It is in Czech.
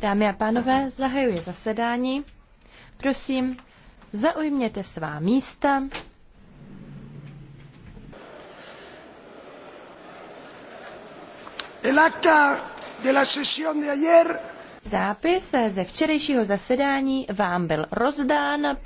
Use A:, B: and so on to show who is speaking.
A: Dámy
B: a pánové, zahajuji zasedání. Prosím, zaujměte svá místa.
C: El acta de la sesión de ayer.
D: Zápis ze včerejšího zasedání vám byl
E: rozdán.